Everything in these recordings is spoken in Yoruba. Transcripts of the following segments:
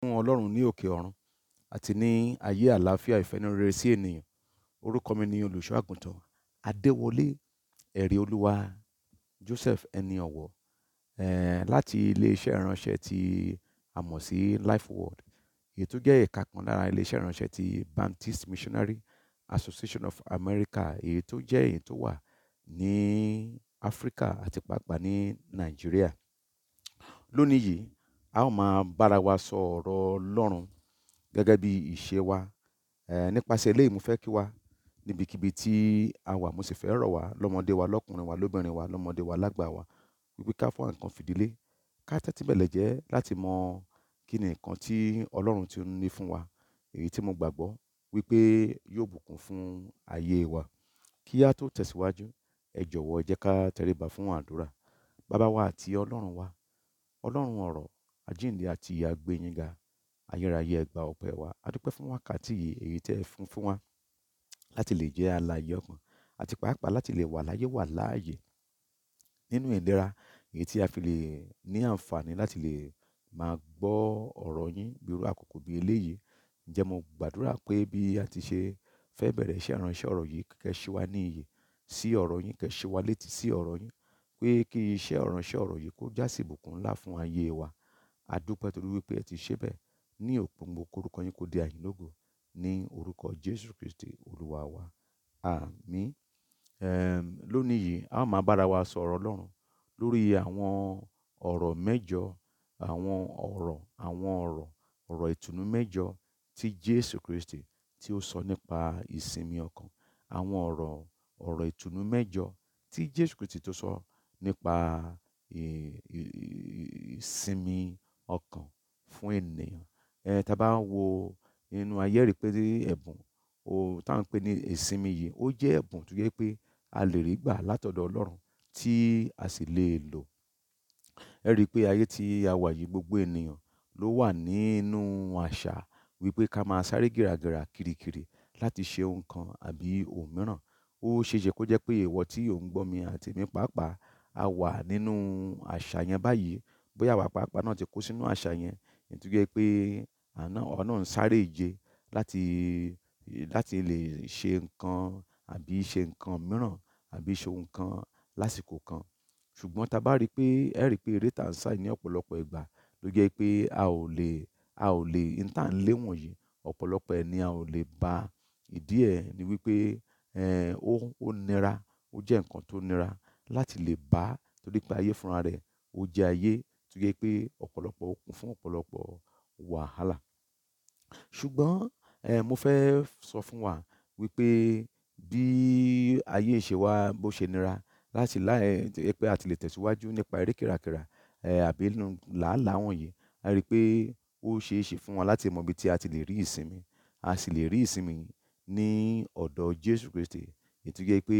fún Ọlọ́run ní òkè ọ̀run àti ní ayé àlàáfíà ìfẹ́nurere sí ènìyàn. Orúkọ mi ni olùṣọ́ Adéwọlé ẹ̀rí olúwa Joseph ẹni ọ̀wọ̀ eh, láti ilé ìránṣẹ́ tí a sí Life Word. Èyí tó jẹ́ ẹ̀ka kan lára ilé ìránṣẹ́ ti Baptist Missionary Association of America èyí tó jẹ́ èyí tó wà ní Áfríkà àti pàápàá ní Nàìjíríà. Lónìí yìí a ó máa bára wa sọ ọ̀rọ̀ Ọlọ́run gẹ́gẹ́ bí ìṣe wa. Ẹ̀ nípasẹ̀ eléyìí mo fẹ́ kí wa níbikíbi tí a wà mo sì fẹ́ rọ̀ wá lọ́mọdé wa lọ́kùnrin wa lóbìnrin wa lọ́mọdé wa lágbà wa wípé ká fọ́ nǹkan fìdílé ká tẹ́tí bẹ̀lẹ̀ jẹ́ láti mọ kí ni nǹkan tí Ọlọ́run ti ní fún wa èyí tí mo gbàgbọ́ wípé yóò bùkún fún ayé wa. Kí a tó tẹ̀síwájú ẹ jọ̀wọ́ ẹ jẹ́ ká tẹríba fún àdúrà. Baba wa àti Ọlọ́run wa, Ọlọ́run ọ̀rọ̀ àjíǹde àti ìyè á ga. Ayérayé ẹ gba ọpẹ́ wa. A dúpẹ́ fún wákàtí yìí èyí tí ẹ fún fún wa láti lè jẹ́ alààyè ọkàn àti pàápàá láti lè wà láyé wà láàyè nínú ìlera èyí tí a fi lè ní àǹfààní láti lè máa gbọ́ ọ̀rọ̀ yín bí irú àkókò bí eléyìí. Ǹjẹ́ mo gbàdúrà pé bí a ti ṣe fẹ́ bẹ̀rẹ̀ iṣẹ́ ìránṣẹ́ ọ̀rọ̀ yìí kẹ́ ṣe wá ní ìyè sí ọ̀rọ̀ yín, kẹ́ ṣe wá létí sí ọ̀rọ̀ yín pé kí iṣẹ́ ìránṣẹ́ ọ̀rọ̀ yìí kó jásí ńlá fún ayé wa. A dúpẹ́ torí wípé ẹ ti ṣe bẹ́ẹ̀ ní òpin gbogbo korúkọ yín kó di àyìn lógo ní orúkọ Jésù Kristi Olúwa wa. Àmín. Ehn, lónìí yìí a ó máa bára wa sọ̀rọ̀ Ọlọ́run lórí àwọn ọ̀rọ̀ mẹ́jọ, àwọn ọ̀rọ̀, àwọn ọ̀rọ̀, ọ̀rọ̀ ìtùnú mẹ́jọ tí Jésù Kristi tí ó sọ nípa ìsinmi ọkàn. Àwọn ọ̀rọ̀, ọ̀rọ̀ ìtùnú mẹ́jọ tí Jésù Kristi tó sọ nípa ìsinmi ọkàn fún ènìyàn. Ẹ̀, tí a bá ń wo inú ayé rí pé ẹ̀bùn, ohun tí à ń pè ní ìsinmi yìí, ó jẹ́ ẹ̀bùn tó jẹ́ pé a lè rí gbà látọ̀dọ̀ Ọlọ́run tí a sì lè lò. Ẹ rí pé ayé tí a wà yìí gbogbo ènìyàn ló wà nínú àṣà wípé ká máa sáré gìràgìrà kirikiri láti ṣe ohun kan àbí òmíràn. Ó ṣe kó jẹ́ pé ìwọ tí ò ń gbọ́ mi àti èmi pàápàá a wà nínú àṣà yẹn báyìí bóyá àwa pàápàá náà ti kó sínú àṣà yẹn èyí tó jẹ́ pé àwa náà ń sáré ìje láti, láti lè ṣe nǹkan àbí ṣe nǹkan mìíràn àbí ṣe ohun kan lásìkò kan. Ṣùgbọ́n ta bá rí pé, ẹ rí pé eré tá ń sá ní ọ̀pọ̀lọpọ̀ ìgbà ló jẹ́ pé a ò lè, a ò lè, ohun tá ń lé wọ̀nyí ọ̀pọ̀lọpọ̀ ẹ ni a ò lè ba. Ìdí ẹ ni wípé, ẹ́, ó, ó nira, ó jẹ́ nǹkan tó nira láti lè bá torí ayé fúnra rẹ̀ ó jẹ́ ayé tó jẹ́ pé ọ̀pọ̀lọpọ̀ ó fún ọ̀pọ̀lọpọ̀ wàhálà. Ṣùgbọ́n, eh, mo fẹ́ sọ fún wa wípé bí ayé ṣe wá bó ṣe nira láti láì pé a ti lè tẹ̀síwájú nípa eré kìràkìrà, eh, àbí inú làálàá wọ̀nyí, a rí pé ó ṣe é ṣe fún wa láti mọ ibi tí a ti lè rí ìsinmi. A sì lè rí ìsinmi ní ọ̀dọ̀ Jésù Kristi èyí pé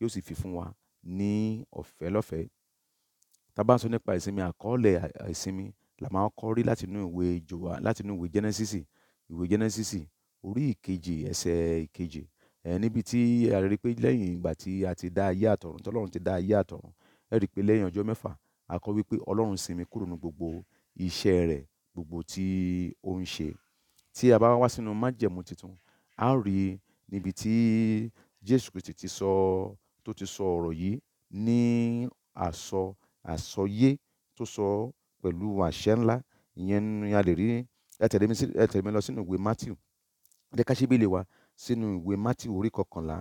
yóò sì fi fún wa ní ọ̀fẹ́ lọ́fẹ̀ẹ́. Tá bá ń sọ nípa ìsinmi, àkọọ́lẹ̀ ìsinmi la máa ń kọ́ rí láti inú ìwé Jóà, láti inú ìwé Genesis. Ìwé Genesis orí ìkejì ẹsẹ̀ ìkejì. Ẹ̀ níbi tí a rí pé lẹ́yìn ìgbà tí a ti dá ayé àtọ̀run, tí Ọlọ́run ti dá ayé àtọ̀run, ẹ rí pé lẹ́yìn ọjọ́ mẹ́fà, a kọ wípé Ọlọ́run sinmi kúrò nínú gbogbo iṣẹ́ rẹ̀, gbogbo tí ó ń ṣe. Tí a bá wá sínú májẹ̀mú titun, a rí níbi tí Jésù Kristi ti sọ, tó ti sọ ọ̀rọ̀ yìí ní àsọ àsọyé tó sọ pẹ̀lú àṣẹ ńlá. Ìyẹn ni a lè rí. Ẹ tẹ̀lé mi sí, ẹ tẹ̀lé mi lọ sínú ìwé Matthew. Ẹ jẹ́ ká ṣí Bíbélì wa sínú ìwé Matthew orí kọkànlá,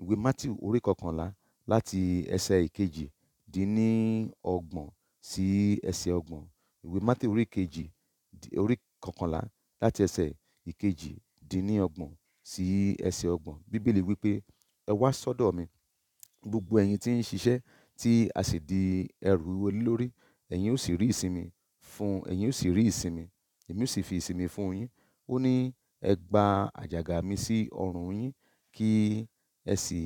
ìwé Matthew orí kọkànlá láti ẹsẹ̀ ìkejì dín ní ọgbọ̀n sí ẹsẹ̀ ọgbọ̀n. Ìwé Matthew orí kejì, orí kọkànlá láti ẹsẹ̀ ìkejì dín ní ọgbọ̀n sí ẹsẹ̀ ọgbọ̀n. Bíbélì wípé, "Ẹ wá sọ́dọ̀ mi, gbogbo ẹ̀yin tí ń ṣiṣẹ́ tí a sì di ẹrù wíwo lé lórí, ẹ̀yin ó sì rí ìsinmi fún, ẹ̀yin ó sì rí ìsinmi, èmi ó sì fi ìsinmi fún yín. Ó ní, ẹ gba àjàgà mi sí ọrùn yín kí ẹ sì,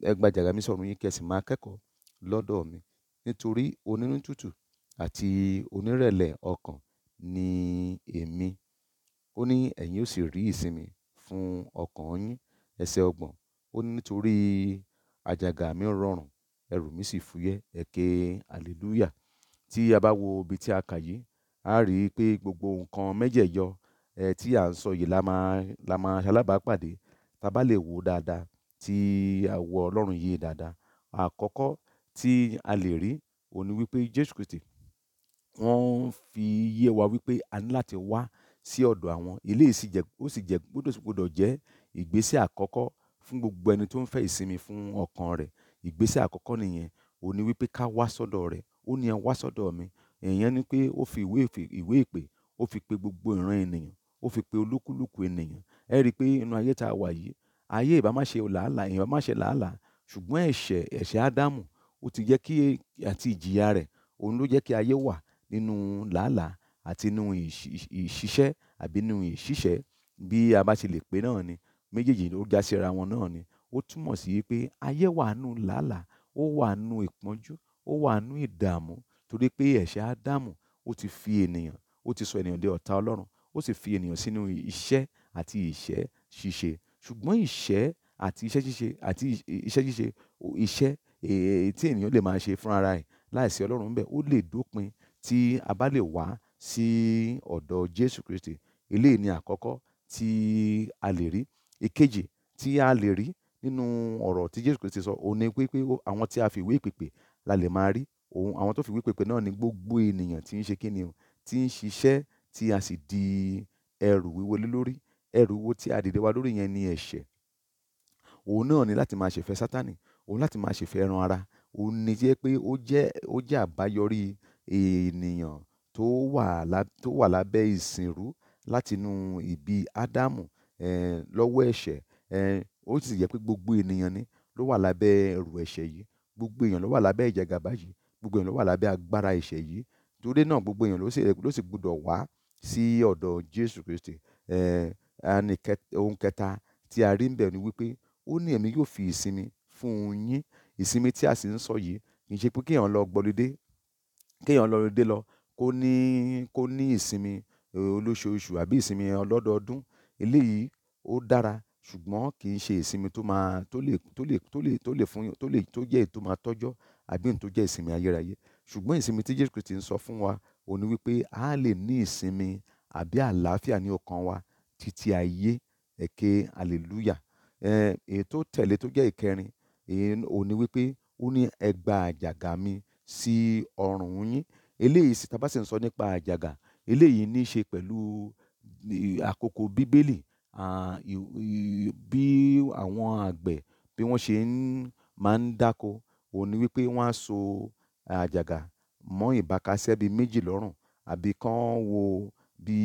ẹ gba àjàgà mi sí ọrùn yín kí ẹ sì máa kẹ́kọ̀ọ́ lọ́dọ̀ mi. Nítorí onínú tútù àti onírẹ̀lẹ̀ ọkàn ni èmi. Ó ní, ẹ̀yin ó sì rí ìsinmi fún ọkàn yín. Ẹsẹ ọgbọ̀n. Ó ní, nítorí àjàgà mi rọrùn, ẹrù mi sì fúyẹ́. Ẹ ké hallelujah. Tí a bá wo ibi tí a kà yìí, a rí i pé gbogbo nǹkan mẹ́jẹ̀ẹ̀jọ, ẹ, tí à ń sọ yìí la máa, la máa ṣalábàápàdé. Tí bá lè wo dáadáa, tí a wo Ọlọ́run yé dáadáa. Àkọ́kọ́ tí a lè rí òun ni wípé Jésù Kristi wọ́n fi yé wa wípé a ní láti wá sí ọ̀dọ̀ àwọn. Eléyìí sì jẹ́, ó sì jẹ́, ó sì gbọdọ̀ jẹ́ ìgbésẹ̀ àkọ́kọ́ fún gbogbo ẹni tó ń fẹ́ ìsinmi fún ọkàn rẹ̀. Ìgbésẹ̀ àkọ́kọ́ nìyẹn, òun ni wípé ká wá sọ́dọ̀ rẹ̀. Ó ní "Ẹ wá sọ́dọ̀ mi." Ìyẹn ni pé ó fi ìwé ìpè, ó fi pe gbogbo ìran ènìyàn, ó fi pe olúkúlùkù ènìyàn. Ẹ rí i pé inú ayé tá a wà yìí, ayé ìbá má ṣe làálàá, èèyàn má ṣe làálàá. Ṣùgbọ́n ẹ̀ṣẹ̀, ẹ̀ṣẹ̀ Ádámù, ó ti jẹ́ kí àti ìjìyà rẹ̀, òun ló jẹ́ kí ayé wà nínú làálàá àti nínú ìṣiṣẹ́ àbí nínú ìṣiṣẹ́ bí a bá ti lè pè náà ni. Méjèèjì ló já síra wọn náà ni ó túmọ̀ sí pé ayé wà nù làálàá ó wà nù ìpọ́njú ó wà nù ìdààmú torí pé ẹ̀ṣẹ̀ ádámù ó ti fi ènìyàn ó ti sọ ènìyàn di ọ̀tá ọlọ́run ó sì fi ènìyàn sínú iṣẹ́ àti ìṣẹ́ ṣíṣe ṣùgbọ́n ìṣẹ́ àti iṣẹ́ ṣíṣe àti iṣẹ́ ṣíṣe iṣẹ́ tí ènìyàn lè máa ṣe fúnra rẹ̀ láìsí ọlọ́run ńbẹ̀ ó lè dópin tí a bá lè wá sí ọ̀dọ̀ jésù kristi eléyìí ni àkọ́kọ́ tí a lè rí èkejì tí a lè rí nínú ọ̀rọ̀ tí Jésù Kristi sọ òun ni pé àwọn tí a fi ìwé ìpèpè la lè máa rí òun àwọn tó fi ìwé ìpèpè náà ni gbogbo ènìyàn tí ń ṣe kíni o tí ń ṣiṣẹ́ tí a sì di ẹrù wíwo lé lórí ẹrù wo tí a dìde wa lórí yẹn ni ẹ̀ṣẹ̀ òun náà ni láti máa ṣèfẹ́ Sátánì òun láti máa ṣèfẹ́ ẹran ara òun ni jẹ́ pé ó jẹ́ ó jẹ́ àbáyọrí ènìyàn tó wà tó wà lábẹ́ ìsìnrú látinú ìbí Ádámù lọ́wọ́ ẹ̀ṣẹ̀ ó sì jẹ́ pé gbogbo ènìyàn ni ló wà lábẹ́ ẹrù ẹ̀ṣẹ̀ yìí, gbogbo èèyàn ló wà lábẹ́ ìjẹgàba yìí, gbogbo èèyàn ló wà lábẹ́ agbára ẹ̀ṣẹ̀ yìí. Torí náà gbogbo èèyàn ló sì, ló sì gbọdọ̀ wá sí ọ̀dọ̀ Jésù Kristi. Ẹ̀, àní kẹ, ohun kẹta tí a rí ń bẹ̀ ni wípé ó ní èmi yóò fi ìsinmi fún yín. Ìsinmi tí a sì ń sọ yìí kì í ṣe pé kí èèyàn lọ gbọ́lidé, kí èèyàn lọ lọlidé lọ kó ní, kó ní ìsinmi olóṣooṣù àbí ìsinmi ọlọ́dọọdún. Eléyìí ó dára ṣùgbọ́n kì í ṣe ìsinmi tó máa tó lè tó lè tó lè tó lè fún tó lè tó jẹ́ èyí tó máa tọ́jọ́ àbí èyí tó jẹ́ ìsinmi ayérayé ṣùgbọ́n ìsinmi tí Jésù Kristi ń sọ fún wa òun ni wípé a lè ní ìsinmi àbí àlàáfíà ní ọkàn wa títí ayé ẹ̀kẹ́ hallelujah èyí tó tẹ̀lé tó jẹ́ ìkẹrin òun ni wípé ó ní ẹ gba àjàgà mi sí ọrùn yín eléyìí sì tá ń sọ nípa àjàgà eléyìí ní í ṣe pẹ̀lú àkókò bíbélì bí àwọn àgbẹ̀ bí wọ́n ṣe ń máa ń dáko òhun ni wípé wọ́n á so àjàgà mọ́ ìbákasẹ́ bíi méjì lọ́rùn àbí kán wo bí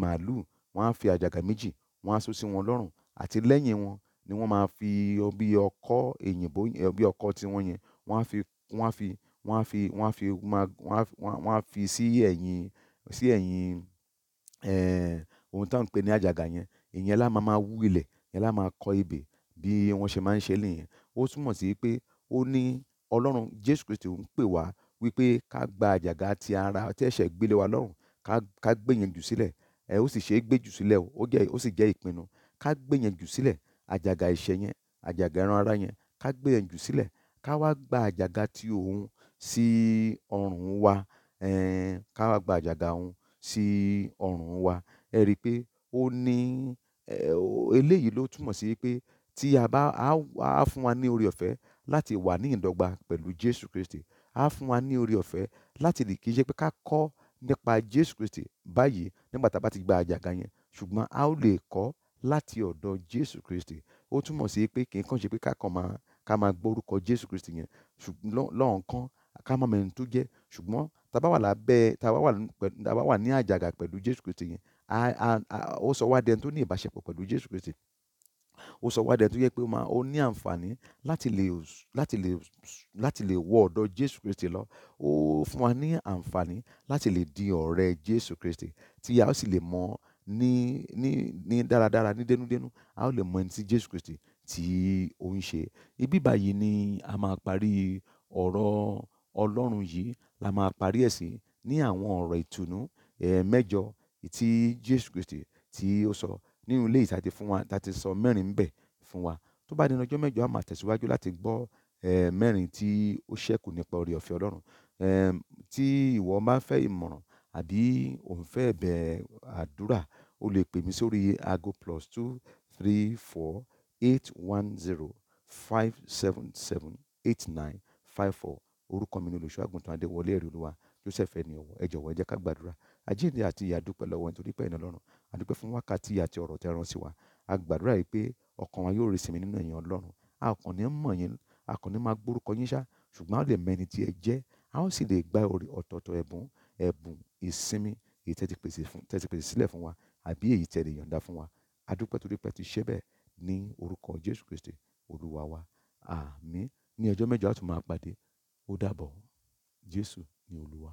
màálù wọ́n á fi àjàgà méjì wọ́n á so sí wọn lọ́rùn àti lẹ́yìn wọn ni wọ́n máa fi bí ọkọ́ èyìnbó bí ọkọ́ tiwọn yẹn wọ́n á fi wọ́n á fi wọ́n á fi wọ́n á fi máa wọ́n á wọ́n á fi sí ẹ̀yìn sí ẹ̀yìn um ohun tá ń pè ní àjàgà yẹn ìyẹn la máa máa wú ilẹ̀, ìyẹn la máa kọ ebè bí wọ́n ṣe máa ń ṣe nìyẹn. Ó túmọ̀ sí pé ó ní Ọlọ́run Jésù Kristi ń pè wá wípé ká gba àjàgà ti ara tí ẹ̀ṣẹ̀ gbé lé wa lọ́rùn, ká, ká gbé yẹn jù sílẹ̀. Ẹ̀ ó sì ṣe é gbé jù sílẹ̀ o, ó jẹ́, ó sì jẹ́ ìpinnu. Ká gbé jù sílẹ̀, àjàgà ẹ̀ṣẹ̀ yẹn, àjàgà ẹran ara yẹn, ká gbé jù sílẹ̀. Ká wá gba àjàgà ti òun sí ọrùn wa. Ká wá gba àjàgà òun sí ọrùn wa. Ẹ rí i pé ó ní eléyìí ló túmọ̀ sí pé tí a bá á fún wa ní oore ọ̀fẹ́ láti wà ní ìdọ́gba pẹ̀lú Jésù Kristi. Á fún wa ní oore ọ̀fẹ́ láti lè kí í ṣe pé ká kọ́ nípa Jésù Kristi báyìí nígbà tá a bá ti gba àjàgà yẹn ṣùgbọ́n a ó lè kọ́ láti ọ̀dọ̀ Jésù Kristi. Ó túmọ̀ sí pé kì í kàn ṣe pé ká kàn máa ká máa gbọ́ orúkọ Jésù Kristi yẹn lọ́ọ̀kan ká má mọ ẹni tó jẹ́ ṣùgbọ́n tá a bá wà lábẹ́ tá a bá wà ní àjàgà pẹ̀lú Jésù Kristi yẹn ó sọ wá dẹni tó ní ìbáṣepọ̀ pẹ̀lú Jésù Kristi ó sọ wá dẹni tó yẹ pé ó ní àǹfààní láti lè láti lè láti lè wọ ọ̀dọ̀ Jésù Kristi lọ ó fún wa ní àǹfààní láti lè di ọ̀rẹ́ Jésù Kristi tí a ó sì lè mọ̀ ní dáradára ní dénúdénú a ó lè mọ̀ ẹni tí Jésù Kristi tí ó ń ṣe ibi báyìí ni a máa parí ọ̀rọ̀ Ọlọ́run yìí la máa parí ẹ̀ sí ní àwọn ọ̀rọ̀ ìtùnú ẹ̀ẹ́mẹ́jọ tí Jésù Kristi tí ó sọ nínú ilé ìtàtí fún wa láti sọ mẹ́rin ńbẹ̀ fún wa tó bá dínà ọjọ́ mẹ́jọ a máa tẹ̀síwájú láti gbọ́ mẹ́rin tí ó ṣẹ́kù nípa oore ọ̀fẹ́ Ọlọ́run tí ìwọ bá fẹ́ ìmọ̀ràn àbí òun fẹ́ ẹ̀bẹ̀ àdúrà o lè pè mí sórí aago plus two three four eight one zero five seven seven eight nine five four orúkọ mi ni olùṣọ́ àgùntàn Adéwọlé ẹ̀rí olúwa Joseph ẹni ọ̀wọ̀ ẹ jọ̀wọ́ ẹ jẹ́ ká gbàdúrà àjíǹde àti ìyè àdúpẹ́ lọ́wọ́ nítorí pé ẹ̀yin Ọlọ́run àdúpẹ́ fún wákàtí àti ọ̀rọ̀ tẹ́ rán sí wa a gbàdúrà yìí pé ọkàn wa yóò resìmí nínú ẹ̀yin Ọlọ́run a kàn ní mọ̀ yín a kàn ní máa gbórúkọ yín ṣá ṣùgbọ́n a lè mẹni tí ẹ jẹ́ a ó sì lè gba orí ọ̀tọ̀ọ̀tọ̀ ẹ̀bùn ẹ̀bùn ìsinmi èyí tẹ́ ti pèsè sílẹ̀ fún wa àbí èyí tẹ́ lè yọ̀ǹda fún wa a torí pé ti ṣe bẹ́ẹ̀ ní orúkọ Jésù Kristi Olúwa wa àmín ní ọjọ́ mẹ́jọ a tún máa pàdé ó dàbọ̀ Jésù ni Olúwa.